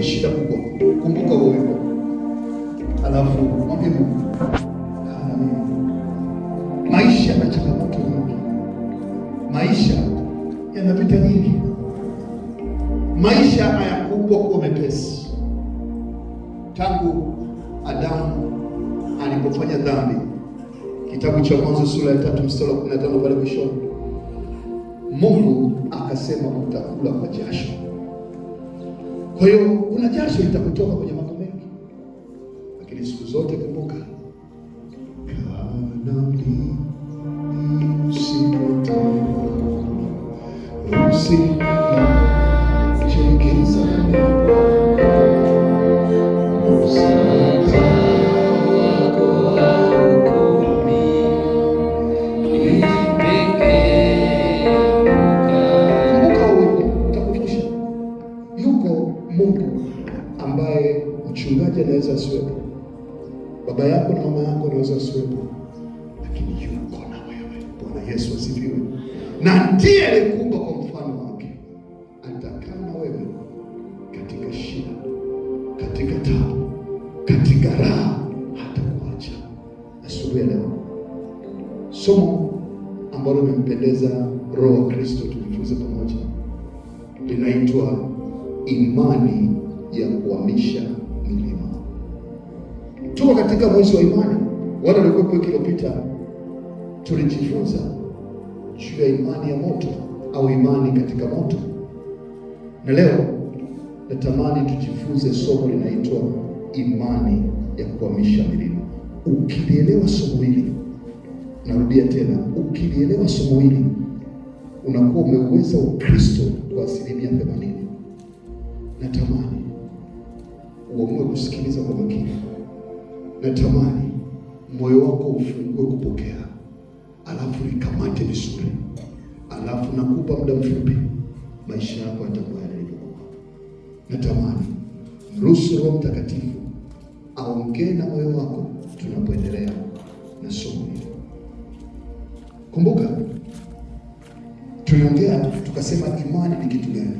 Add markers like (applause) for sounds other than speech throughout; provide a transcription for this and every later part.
ni shida kubwa. Kumbuka wewe hivyo, alafu mwambie Mungu Maisha yana changamoto nyingi, maisha yanapita nyingi, maisha hayakumbwa kuwa mepesi tangu Adamu alipofanya dhambi. Kitabu cha Mwanzo sura ya tatu mstari wa 15 pale mwishoni, Mungu akasema, mtakula kwa jasho kwa hiyo kuna jasho litakutoka kwenye mambo mengi, lakini siku zote kumbuka asifiwe. Na ndiye alikuumba kwa mfano wake, atakaa na wewe katika shida, katika tabu, katika raha, hata kuacha. Asubuhi leo somo ambalo limempendeza Roho wa Kristo tujifunze pamoja linaitwa imani ya kuhamisha milima. Tuko katika mwezi wa imani, wale ulikuwa wiki iliyopita tulijifunza juu ya imani ya moto au imani katika moto. Na leo natamani tujifunze somo linaitwa imani ya kuhamisha milima. Ukilielewa somo hili, narudia tena, ukilielewa somo hili unakuwa umeweza Ukristo kwa asilimia themanini. Natamani uamue kusikiliza kwa makini, natamani moyo wako ufungue kupokea alafu ikamate vizuri, alafu nakupa muda mfupi, maisha yako yatakuwa yanaeleweka. Natamani mruhusu Roho Mtakatifu aongee na moyo wako tunapoendelea na somo hili. Kumbuka tuliongea tukasema, imani ni kitu gani?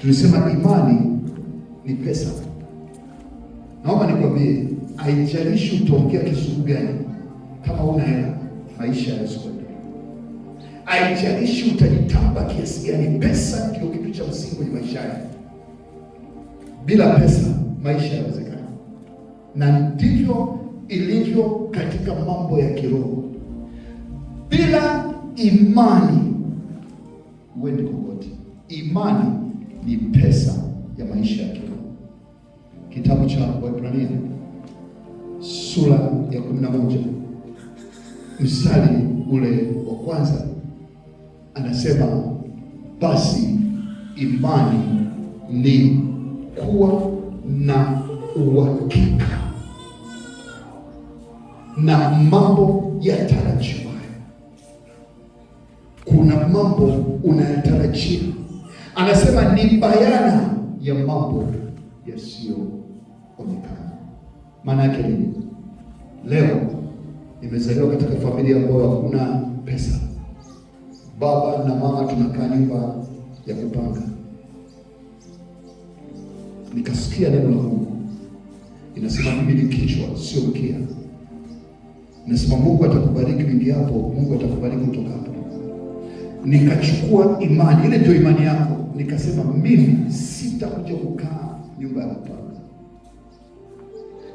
Tulisema imani ni pesa. Naomba nikwambie, haijalishi utaongea kizungu gani, kama una hela maisha yasikuendelea. Haijalishi utajitamba kiasi gani, pesa ndio kitu cha msingi kwenye maisha yako. Bila pesa maisha yawezekana, na ndivyo ilivyo katika mambo ya kiroho. Bila imani huendi kokote. Imani ni pesa ya maisha ya kiroho. Kitabu cha Waebrania sura ya 11 mstari ule wa kwanza anasema, basi imani ni kuwa na uhakika na mambo yatarajiwa. Kuna mambo unayatarajia, anasema ni bayana ya mambo yasiyoonekana. Maana yake nini? Leo Nimezaliwa katika familia ambayo hakuna pesa. Baba na mama tunakaa nyumba ya kupanga. Nikasikia neno la Mungu inasema, mimi ni kichwa, sio mkia. Nasema Mungu atakubariki uingiapo, Mungu atakubariki hapo. Nikachukua imani ile, ndio imani yako. Nikasema mimi sitakuja kukaa nyumba ya kupanga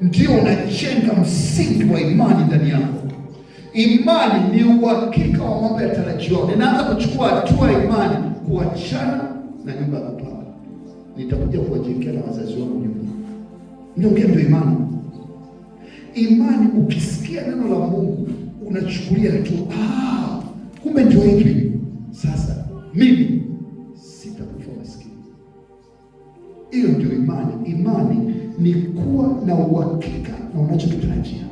ndio unajenga msingi wa imani ndani yako. Imani ni uhakika wa mambo yatarajiwa. Ninaanza kuchukua hatua ya imani, kuachana na nyumba ya kupanga. Nitakuja kuwajengea na wazazi wangu nyumba. Niongea, ndio imani. Imani, ukisikia neno la Mungu unachukulia hatua. Ah, kumbe ndio hivi. Sasa mimi sitakufa maskini. Hiyo ndio imani. Imani ni kuwa na uhakika na unachokitarajia,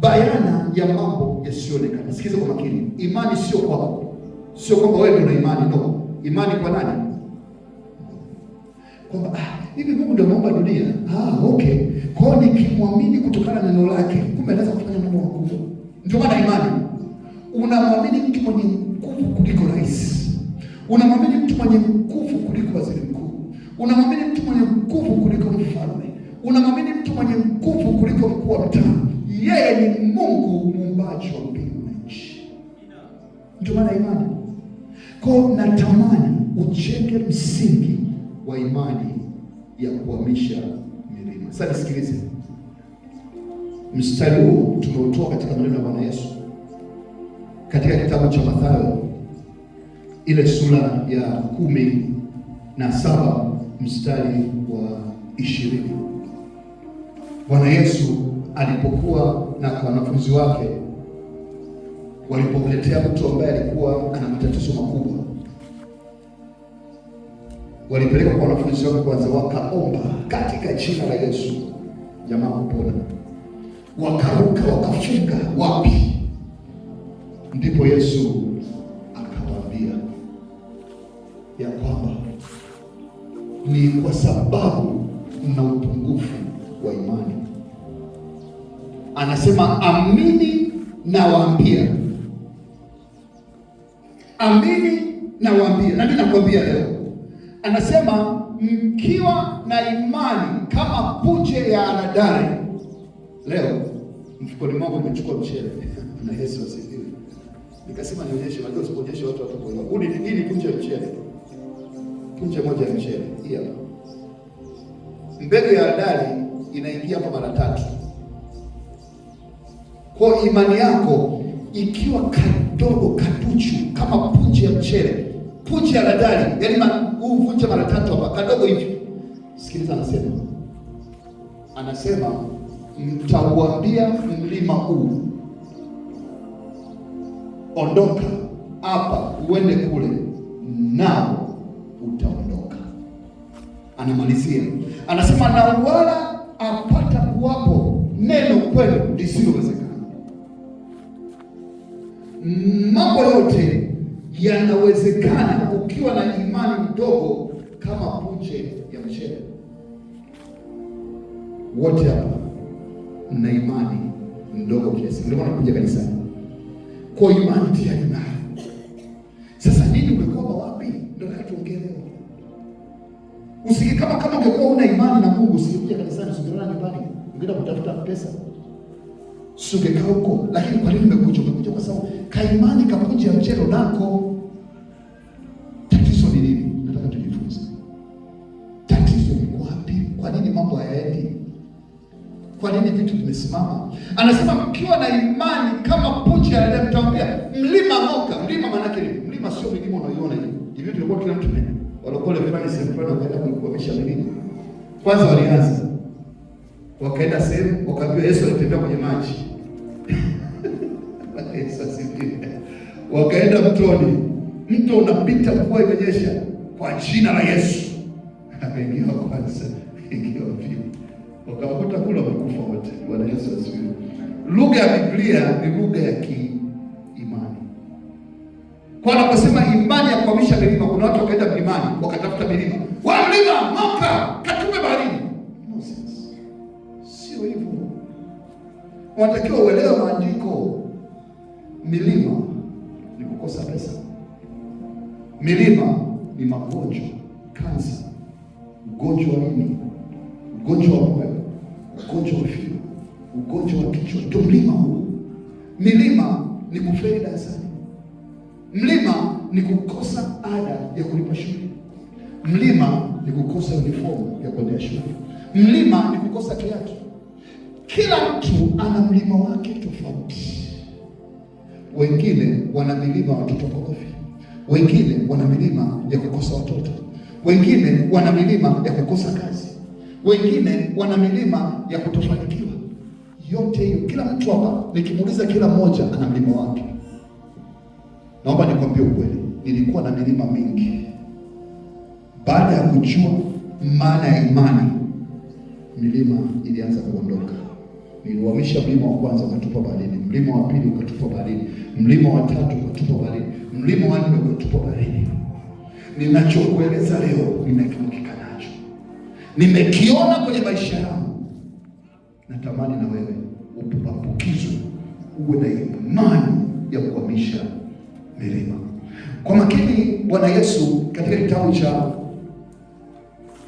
bayana ya mambo yasiyoonekana. Sikiza kwa makini, imani sio kwako, sio kwamba wewe una imani, no. Imani kwa nani? Kwamba ah, hivi Mungu ndio muumba dunia. Ah, okay, kwao nikimwamini kutokana na neno lake, kumbe anaweza kufanya mambo makubwa. Ndio maana imani, unamwamini mtu mwenye nguvu kuliko rais, unamwamini mtu mwenye nguvu kuliko waziri mkuu, unamwamini mtu mwenye nguvu kuliko mfalme unamwamini mtu mwenye nguvu kuliko mkuu wa mtaa. Yeye ni Mungu muumbaji wa mbingu na nchi. Ndio maana imani kwa, natamani uchenge msingi wa imani ya kuhamisha milima. Sasa nisikilize, mstari huu tumeutoa katika maneno ya Bwana Yesu katika kitabu cha Mathayo ile sura ya kumi na saba mstari wa ishirini. Bwana Yesu alipokuwa na kwa wanafunzi wake walipomletea mtu ambaye alikuwa ana matatizo makubwa, walipeleka kwa wanafunzi wake kwanza, wakaomba katika jina la Yesu, jamaa kupona, wakaruka wakafunga wapi. Ndipo Yesu akawaambia ya kwamba ni kwa sababu mna upungufu wa imani anasema amini na amini na nani Nami nakwambia leo, anasema mkiwa na imani kama punje ya haradali, leo mfukoni mwako umechukua mchele (laughs) na Yesu asifiwe. Nikasema nionyeshe, najua usipoonyeshe watu watakuelewa. Huu ni nini? Punje ya mchele, punje moja ya mchele. Hii mbegu ya haradali inaingia hapa mara tatu kwa imani yako ikiwa kadogo kaduchu kama punje ya mchele, punje ya radali, yani uvunje mara tatu hapa, kadogo hivi. Sikiliza, anasema anasema mtauambia mlima huu ondoka hapa uende kule, nao utaondoka. Anamalizia anasema, na wala apata kuwapo neno kwenu lisilowezekana mambo yote yanawezekana ukiwa na imani ndogo kama punje ya mchele. Wote hapa mna imani ndogo kiasi, ndio maana kuja kanisani kwa imani tayari nayo. Sasa nini umekwama wapi? Ndio nataka tuongee leo. Usikikama kama ungekuwa una imani na Mungu usikuja kanisani, usingeona nyumbani, ungeenda kutafuta pesa si huko? Lakini kwa nini umekuja? Umekuja kwa sababu kaimani ya mchero nako. Tatizo ni nini? Nataka tujifunze tatizo ni wapi. Kwa nini mambo hayaendi? Kwa nini vitu vimesimama? Anasema mkiwa na imani kama punje ya lele, mtamwambia mlima ng'oka. Mlima maana yake ni mlima, sio milima unaiona hivi hivi. Tulikuwa kila mtu walokole fulani sehemu fulani wakaenda kuikwamisha milima. Kwanza walianza wakaenda sehemu wakaambiwa Yesu alitembea kwenye maji (laughs) wakaenda mtoni, mto unapita mvua imenyesha, kwa jina la Yesu akaingia (laughs) kwanza, ingia pili, wakawakuta kula wamekufa wote. Bwana Yesu asifiwe. Lugha ya Biblia ni lugha ya kiimani, kwa anaposema imani ya kuhamisha milima. Kuna watu wakaenda mlimani wakatafuta milima unatakiwa uelewe maandiko. Milima ni kukosa pesa, milima ni magonjwa, kansa, ugonjwa wa ini, ugonjwa wa moyo, ugonjwa wa figo, ugonjwa wa kichwa, ndio mlima huu. Milima ni kufeli darasani, mlima ni kukosa ada ya kulipa shule, mlima ni kukosa uniform ya kuendea shule, mlima ni kukosa kiatu kila mtu ana mlima wake tofauti. Wengine wana milima ya watoto wagovi, wengine wana milima ya kukosa watoto, wengine wana milima ya kukosa kazi, wengine wana milima ya kutofanikiwa. Yote hiyo, kila mtu hapa, nikimuuliza kila mmoja ana mlima wake. Naomba nikwambie ukweli, nilikuwa na milima mingi. Baada ya kujua maana ya imani, milima ilianza kuondoka. Niliuhamisha mlima wa kwanza ukatupa baharini, mlima wa pili ukatupa baharini, mlima wa tatu ukatupa baharini, mlima wa nne ukatupa baharini. Ninachokueleza leo ninakiukika nacho, nimekiona kwenye maisha yangu. Natamani na wewe upapukizwe, uwe na imani ya kuhamisha milima. Kwa makini, Bwana Yesu katika kitabu cha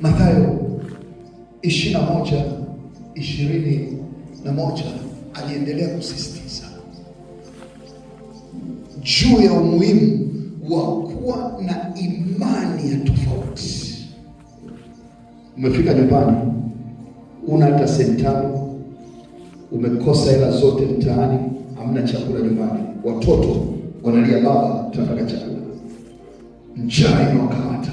Mathayo 21 ishirini na moja aliendelea kusisitiza juu ya umuhimu wa kuwa na imani ya tofauti. Umefika nyumbani, una hata sentano umekosa hela zote mtaani, hamna chakula nyumbani, watoto wanalia, baba, tunataka chakula, njaa inawakamata.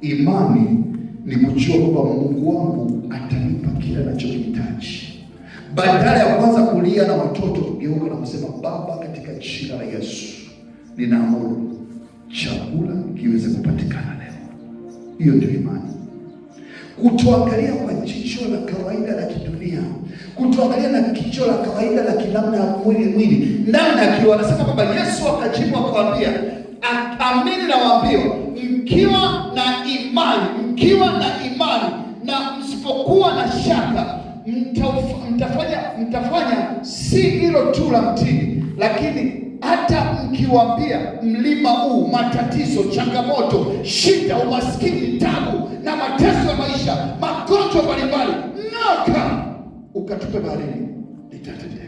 Imani ni kujua kwamba Mungu wangu atanipa kila nachokihitaji. Badala ya kwanza kulia na watoto, tugeuke na kusema Baba, katika jina la Yesu ninaamuru chakula kiweze kupatikana leo. Hiyo ndio imani, kutuangalia kwa jicho la kawaida la kidunia, kutuangalia na jicho la kawaida la kinamna ya mwili mwili, namna akiwa anasema kwamba Yesu akajibu akawaambia, amini nawaambia, mkiwa na imani, mkiwa na imani na msipokuwa na shaka mtafanya mtafanya si hilo tu la mtini, lakini hata mkiwaambia mlima huu, matatizo, changamoto, shida, umaskini, tabu na mateso ya maisha, magonjwa mbalimbali, noka ukatupe baharini, litatendeka.